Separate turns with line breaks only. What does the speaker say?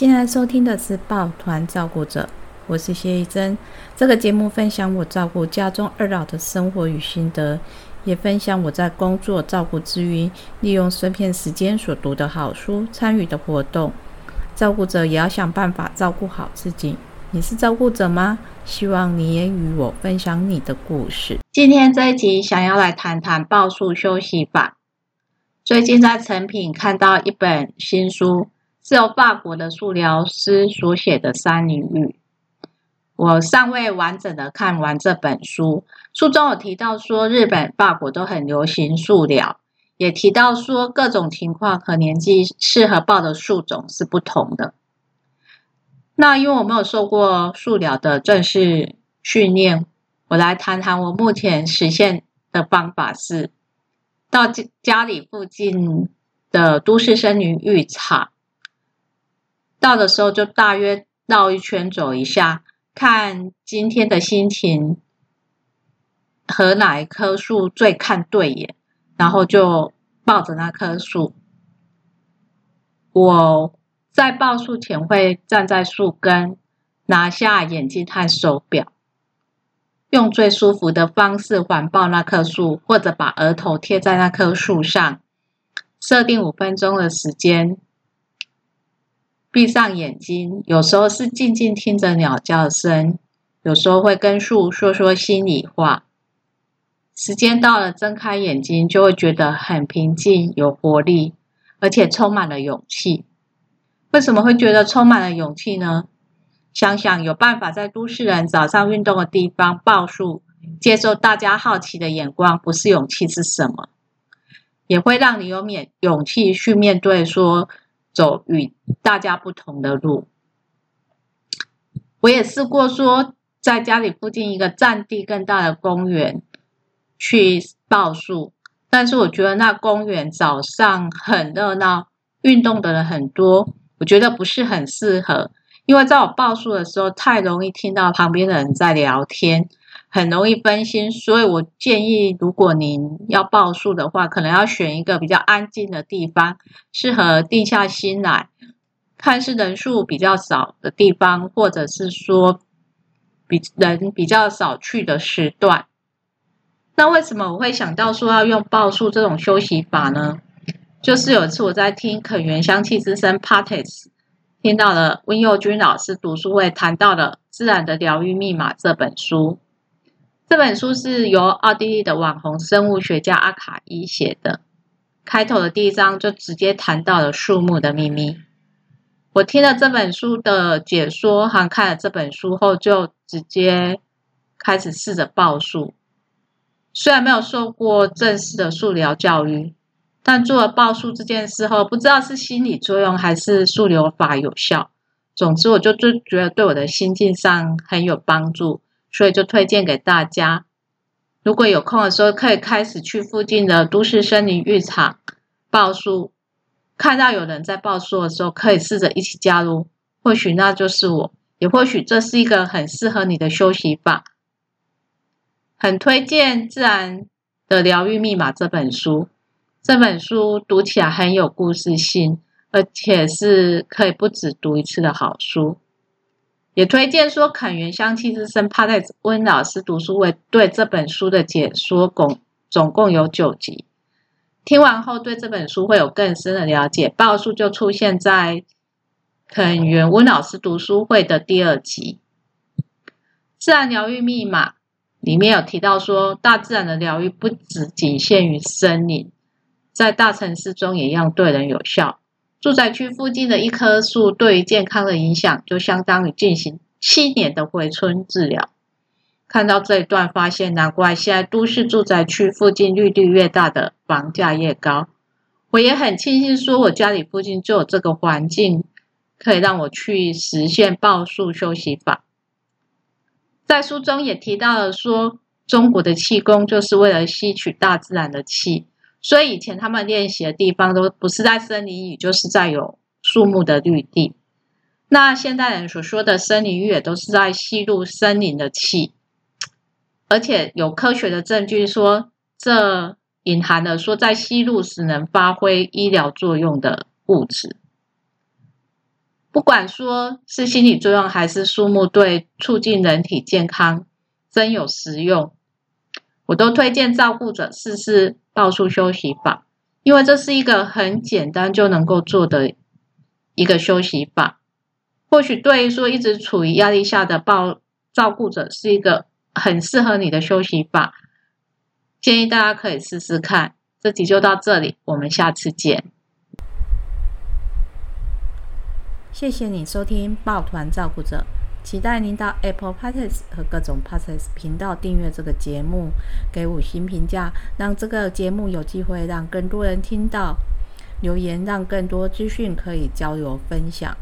現在收聽的是《抱團照顧者》，我是謝依珍。這個節目分享我照顧家中二老的生活與心得，也分享我在工作照顧之餘，利用碎片時間所讀的好書、參與的活動。照顧者也要想辦法照顧好自己。你是照顧者嗎？希望你也與我分享你的故事。今天這一集想要來談談抱樹休息法。最近在誠品看到一本新書。是由法國的樹療師所寫的《山林癒》，我尚未完整的看完這本書。書中有提到說，日本、法國都很流行樹療，也提到說，各種情況和年紀適合抱的樹種是不同的。那因為我沒有受過樹療的正式訓練，我來談談我目前實現的方法是，到家家裡附近的都市森林浴場。到的時候就大約繞一圈走一下，看今天的心情和哪一棵樹最看對眼，然後就抱着那棵樹。我在抱樹前會站在樹根，拿下眼鏡和手錶，用最舒服的方式環抱那棵樹，或者把額頭貼在那棵樹上，設定五分鐘的時間。閉上眼睛，有時候是靜靜聽着鳥叫聲，有時候會跟樹說說心裡話。時間到了，睜開眼睛就會覺得很平靜、有活力，而且充滿了勇氣。為什麼會覺得充滿了勇氣呢？想想有辦法在都市人早上運動的地方抱樹，接受大家好奇的眼光，不是勇氣是什麼？也會讓你有免勇氣去面對說。走與大家不同的路，我也試過說，在家裡附近一個占地更大的公園去抱樹，但是我覺得那公園早上很熱鬧，運動的人很多，我覺得不是很適合，因為在我抱樹的時候，太容易聽到旁邊的人在聊天。很容易分心，所以我建議，如果您要抱樹的話，可能要選一個比較安靜的地方，適合定下心來，看是人數比較少的地方，或者是說比人比較少去的時段。那為什麼我會想到說要用抱樹這種休息法呢？就是有一次我在聽《肯園香氣之聲》podcast，聽到了溫佑君老師讀書會談到了《自然的療癒密碼》這本書。這本書是由奧地利的網紅生物學家阿卡伊寫的，開頭的第一章就直接談到了樹木的秘密。我聽了這本書的解說，還看了這本書後，就直接開始試着抱樹。雖然沒有受過正式的樹療教育，但做了抱樹這件事後，不知道是心理作用還是樹療法有效，總之我就就覺得對我的心境上很有幫助。所以就推薦給大家，如果有空的時候，可以開始去附近的都市森林浴場、抱樹，看到有人在抱樹的時候，可以試着一起加入。或許那就是我，也或許這是一個很適合你的休息法。很推薦《自然的療癒密碼》這本書，這本書讀起來很有故事性，而且是可以不止讀一次的好書。也推薦說，肯園香氣之聲 Podcast 溫老師讀書會對這本書的解說共總共有九集，聽完後對這本書會有更深的了解。報數就出現在肯園溫老師讀書會的第二集《自然療愈密碼》裡面有提到說，大自然的療愈不只僅限於森林，在大城市中也一樣對人有效。住宅區附近的一棵樹對於健康的影響，就相當於進行七年的回春治療。看到這一段發現，難怪現在都市住宅區附近綠地越大的房價越高。我也很慶幸，說我家裡附近就有這個環境，可以讓我去實現抱樹休息法。在書中也提到了，說中國的氣功就是為了吸取大自然的氣。所以以前他們練習的地方都不是在森林裡，也就是在有樹木的綠地。那現代人所說的森林浴，也都是在吸入森林的氣，而且有科學的證據說，這隱含了說在吸入時能發揮醫療作用的物質，不管說是心理作用，還是樹木對促進人體健康真有實用。我都推薦照顧者試試抱樹休息法，因為這是一個很簡單就能夠做的一個休息法。或許對於說一直處於壓力下的抱照顧者是一個很適合你的休息法，建議大家可以試試看。這集就到這裡，我們下次見。謝謝你收聽《抱團照顧者》。期待您到 Apple Podcast 和各種 Podcast 頻道訂閱這個節目，給五星評價，讓這個節目有機會讓更多人聽到，留言讓更多資訊可以交流分享。